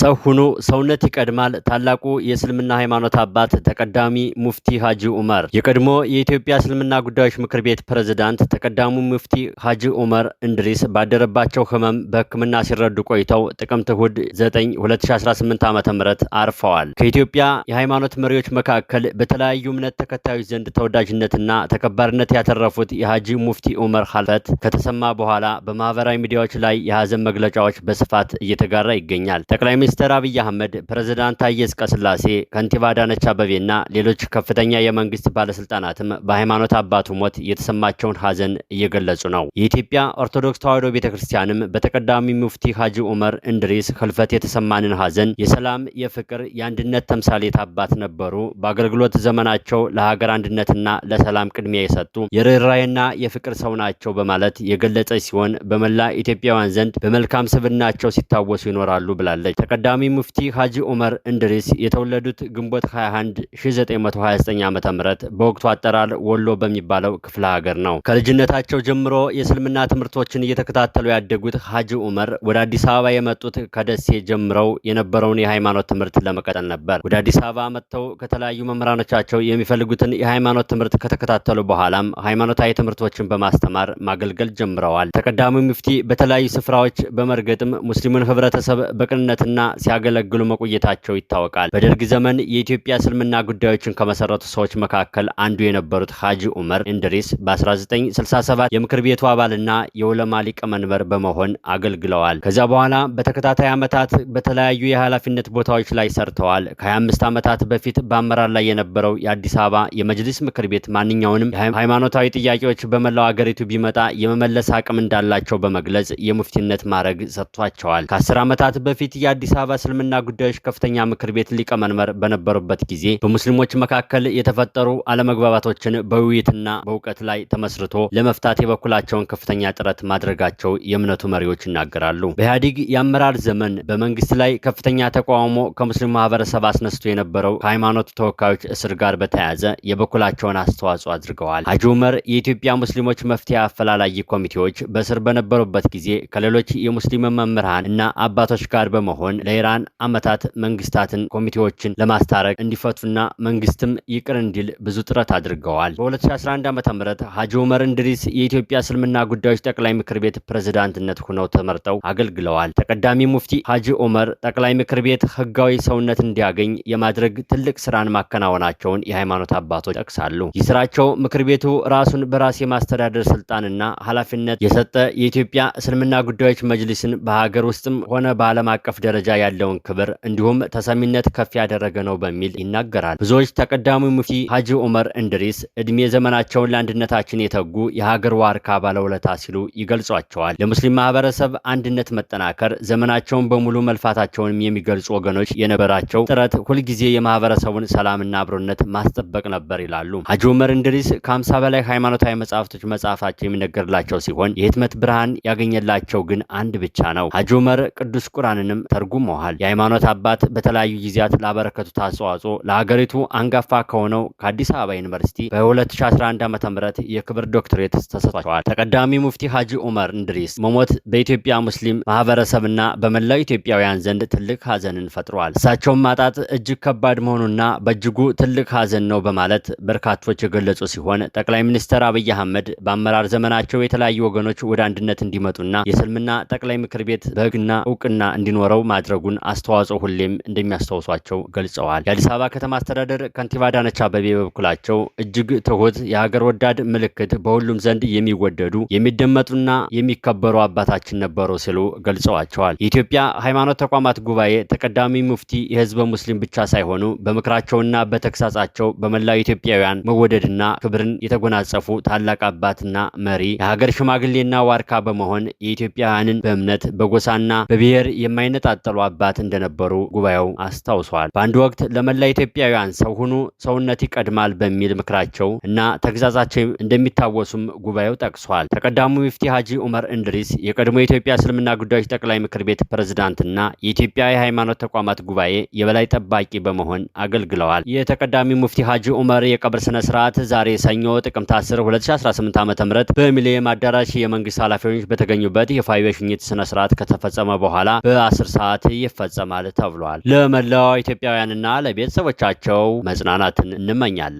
ሰው ሁኑ፣ ሰውነት ይቀድማል። ታላቁ የእስልምና ሃይማኖት አባት ተቀዳሚ ሙፍቲ ሀጂ ዑመር የቀድሞ የኢትዮጵያ እስልምና ጉዳዮች ምክር ቤት ፕሬዝዳንት ተቀዳሙ ሙፍቲ ሀጂ ዑመር እንድሪስ ባደረባቸው ህመም በህክምና ሲረዱ ቆይተው ጥቅምት እሁድ 9 2018 ዓ ም አርፈዋል። ከኢትዮጵያ የሃይማኖት መሪዎች መካከል በተለያዩ እምነት ተከታዮች ዘንድ ተወዳጅነትና ተከባርነት ያተረፉት የሀጂ ሙፍቲ ዑመር ሀልፈት ከተሰማ በኋላ በማህበራዊ ሚዲያዎች ላይ የሀዘን መግለጫዎች በስፋት እየተጋራ ይገኛል። ጠቅላይ ሚኒስትር አብይ አህመድ፣ ፕሬዝዳንት ታዬ አጽቀሥላሴ፣ ከንቲባ አዳነች አቤቤና ሌሎች ከፍተኛ የመንግስት ባለስልጣናትም በሃይማኖት አባቱ ሞት የተሰማቸውን ሀዘን እየገለጹ ነው። የኢትዮጵያ ኦርቶዶክስ ተዋሕዶ ቤተክርስቲያንም በተቀዳሚ ሙፍቲ ሀጂ ኡመር እንድሪስ ህልፈት የተሰማንን ሀዘን የሰላም የፍቅር፣ የአንድነት ተምሳሌት አባት ነበሩ። በአገልግሎት ዘመናቸው ለሀገር አንድነትና ለሰላም ቅድሚያ የሰጡ የርኅራኄና የፍቅር ሰው ናቸው በማለት የገለጸች ሲሆን በመላ ኢትዮጵያውያን ዘንድ በመልካም ስብናቸው ሲታወሱ ይኖራሉ ብላለች። ተቀዳሚ ሙፍቲ ሀጂ ዑመር እንድሪስ የተወለዱት ግንቦት 21 1929 ዓ ም በወቅቱ አጠራር ወሎ በሚባለው ክፍለ ሀገር ነው። ከልጅነታቸው ጀምሮ የእስልምና ትምህርቶችን እየተከታተሉ ያደጉት ሀጂ ዑመር ወደ አዲስ አበባ የመጡት ከደሴ ጀምረው የነበረውን የሃይማኖት ትምህርት ለመቀጠል ነበር። ወደ አዲስ አበባ መጥተው ከተለያዩ መምህራኖቻቸው የሚፈልጉትን የሃይማኖት ትምህርት ከተከታተሉ በኋላም ሃይማኖታዊ ትምህርቶችን በማስተማር ማገልገል ጀምረዋል። ተቀዳሚ ሙፍቲ በተለያዩ ስፍራዎች በመርገጥም ሙስሊሙን ህብረተሰብ በቅንነትና ሲያስተምሩና ሲያገለግሉ መቆየታቸው ይታወቃል። በደርግ ዘመን የኢትዮጵያ እስልምና ጉዳዮችን ከመሰረቱ ሰዎች መካከል አንዱ የነበሩት ሀጂ ዑመር እንድሪስ በ1967 የምክር ቤቱ አባልና የውለማ ሊቀመንበር በመሆን አገልግለዋል። ከዚያ በኋላ በተከታታይ ዓመታት በተለያዩ የኃላፊነት ቦታዎች ላይ ሰርተዋል። ከ25 ዓመታት በፊት በአመራር ላይ የነበረው የአዲስ አበባ የመጅሊስ ምክር ቤት ማንኛውንም ሃይማኖታዊ ጥያቄዎች በመላው አገሪቱ ቢመጣ የመመለስ አቅም እንዳላቸው በመግለጽ የሙፍቲነት ማዕረግ ሰጥቷቸዋል። ከ10 ዓመታት በፊት የአዲስ አበባ እስልምና ጉዳዮች ከፍተኛ ምክር ቤት ሊቀመንበር በነበሩበት ጊዜ በሙስሊሞች መካከል የተፈጠሩ አለመግባባቶችን በውይይትና በእውቀት ላይ ተመስርቶ ለመፍታት የበኩላቸውን ከፍተኛ ጥረት ማድረጋቸው የእምነቱ መሪዎች ይናገራሉ። በኢህአዲግ የአመራር ዘመን በመንግስት ላይ ከፍተኛ ተቃውሞ ከሙስሊም ማህበረሰብ አስነስቶ የነበረው ከሃይማኖት ተወካዮች እስር ጋር በተያያዘ የበኩላቸውን አስተዋጽኦ አድርገዋል። ሀጂ ኡመር የኢትዮጵያ ሙስሊሞች መፍትሄ አፈላላጊ ኮሚቴዎች በእስር በነበሩበት ጊዜ ከሌሎች የሙስሊም መምህራን እና አባቶች ጋር በመሆን ሲሆን ለኢራን አመታት መንግስታትን ኮሚቴዎችን ለማስታረቅ እንዲፈቱና መንግስትም ይቅር እንዲል ብዙ ጥረት አድርገዋል። በ2011 ዓ ም ሀጂ ኡመር እንድሪስ የኢትዮጵያ እስልምና ጉዳዮች ጠቅላይ ምክር ቤት ፕሬዝዳንትነት ሆነው ተመርጠው አገልግለዋል። ተቀዳሚ ሙፍቲ ሀጂ ኡመር ጠቅላይ ምክር ቤት ህጋዊ ሰውነት እንዲያገኝ የማድረግ ትልቅ ስራን ማከናወናቸውን የሃይማኖት አባቶች ጠቅሳሉ። ይህ ስራቸው ምክር ቤቱ ራሱን በራስ የማስተዳደር ስልጣንና ኃላፊነት የሰጠ የኢትዮጵያ እስልምና ጉዳዮች መጅሊስን በሀገር ውስጥም ሆነ በዓለም አቀፍ ደረጃ ደረጃ ያለውን ክብር እንዲሁም ተሰሚነት ከፍ ያደረገ ነው በሚል ይናገራል። ብዙዎች ተቀዳሚው ሙፍቲ ሀጂ ዑመር እንድሪስ እድሜ ዘመናቸውን ለአንድነታችን የተጉ የሀገር ዋርካ ባለውለታ ሲሉ ይገልጿቸዋል። ለሙስሊም ማህበረሰብ አንድነት መጠናከር ዘመናቸውን በሙሉ መልፋታቸውንም የሚገልጹ ወገኖች የነበራቸው ጥረት ሁልጊዜ የማህበረሰቡን ሰላምና አብሮነት ማስጠበቅ ነበር ይላሉ። ሀጂ ዑመር እንድሪስ ከ50 በላይ ሃይማኖታዊ መጽሐፍቶች መጽሐፋቸው የሚነገርላቸው ሲሆን የህትመት ብርሃን ያገኘላቸው ግን አንድ ብቻ ነው። ሀጂ ዑመር ቅዱስ ቁርአንንም ተርጉ ተተርጉመዋል። የሃይማኖት አባት በተለያዩ ጊዜያት ላበረከቱት አስተዋጽኦ ለሀገሪቱ አንጋፋ ከሆነው ከአዲስ አበባ ዩኒቨርሲቲ በ2011 ዓ ም የክብር ዶክትሬት ተሰጥቷቸዋል። ተቀዳሚ ሙፍቲ ሀጂ ዑመር እንድሪስ መሞት በኢትዮጵያ ሙስሊም ማህበረሰብና በመላው ኢትዮጵያውያን ዘንድ ትልቅ ሀዘንን ፈጥሯል። እሳቸውን ማጣት እጅግ ከባድ መሆኑና በእጅጉ ትልቅ ሀዘን ነው በማለት በርካቶች የገለጹ ሲሆን ጠቅላይ ሚኒስትር አብይ አህመድ በአመራር ዘመናቸው የተለያዩ ወገኖች ወደ አንድነት እንዲመጡና የእስልምና ጠቅላይ ምክር ቤት በህግና እውቅና እንዲኖረው ማ ማድረጉን አስተዋጽኦ ሁሌም እንደሚያስታውሷቸው ገልጸዋል። የአዲስ አበባ ከተማ አስተዳደር ከንቲባ አዳነች አቤቤ በበኩላቸው እጅግ ትሁት የሀገር ወዳድ ምልክት፣ በሁሉም ዘንድ የሚወደዱ የሚደመጡና የሚከበሩ አባታችን ነበሩ ሲሉ ገልጸዋቸዋል። የኢትዮጵያ ሃይማኖት ተቋማት ጉባኤ ተቀዳሚ ሙፍቲ የህዝበ ሙስሊም ብቻ ሳይሆኑ በምክራቸውና በተግሳጻቸው በመላው ኢትዮጵያውያን መወደድና ክብርን የተጎናጸፉ ታላቅ አባትና መሪ የሀገር ሽማግሌና ዋርካ በመሆን የኢትዮጵያውያንን በእምነት በጎሳና በብሔር የማይነጣጠሉ የመሰሉ አባት እንደነበሩ ጉባኤው አስታውሷል። በአንድ ወቅት ለመላ ኢትዮጵያውያን ሰው ሁኑ፣ ሰውነት ይቀድማል በሚል ምክራቸው እና ተግዛዛቸው እንደሚታወሱም ጉባኤው ጠቅሷል። ተቀዳሙ ሙፍቲ ሀጂ ዑመር እንድሪስ የቀድሞ የኢትዮጵያ እስልምና ጉዳዮች ጠቅላይ ምክር ቤት ፕሬዝዳንትና የኢትዮጵያ የሃይማኖት ተቋማት ጉባኤ የበላይ ጠባቂ በመሆን አገልግለዋል። የተቀዳሚ ሙፍቲ ሀጂ ዑመር የቀብር ስነ ስርዓት ዛሬ ሰኞ ጥቅምት 10 2018 ዓ ም በሚሊኒየም አዳራሽ የመንግስት ኃላፊዎች በተገኙበት የፋይዌ ሽኝት ስነ ስርዓት ከተፈጸመ በኋላ በ10 ሰዓት በዓላት ይፈጸማል ተብሏል። ለመላው ኢትዮጵያውያንና ለቤተሰቦቻቸው መጽናናትን እንመኛለን።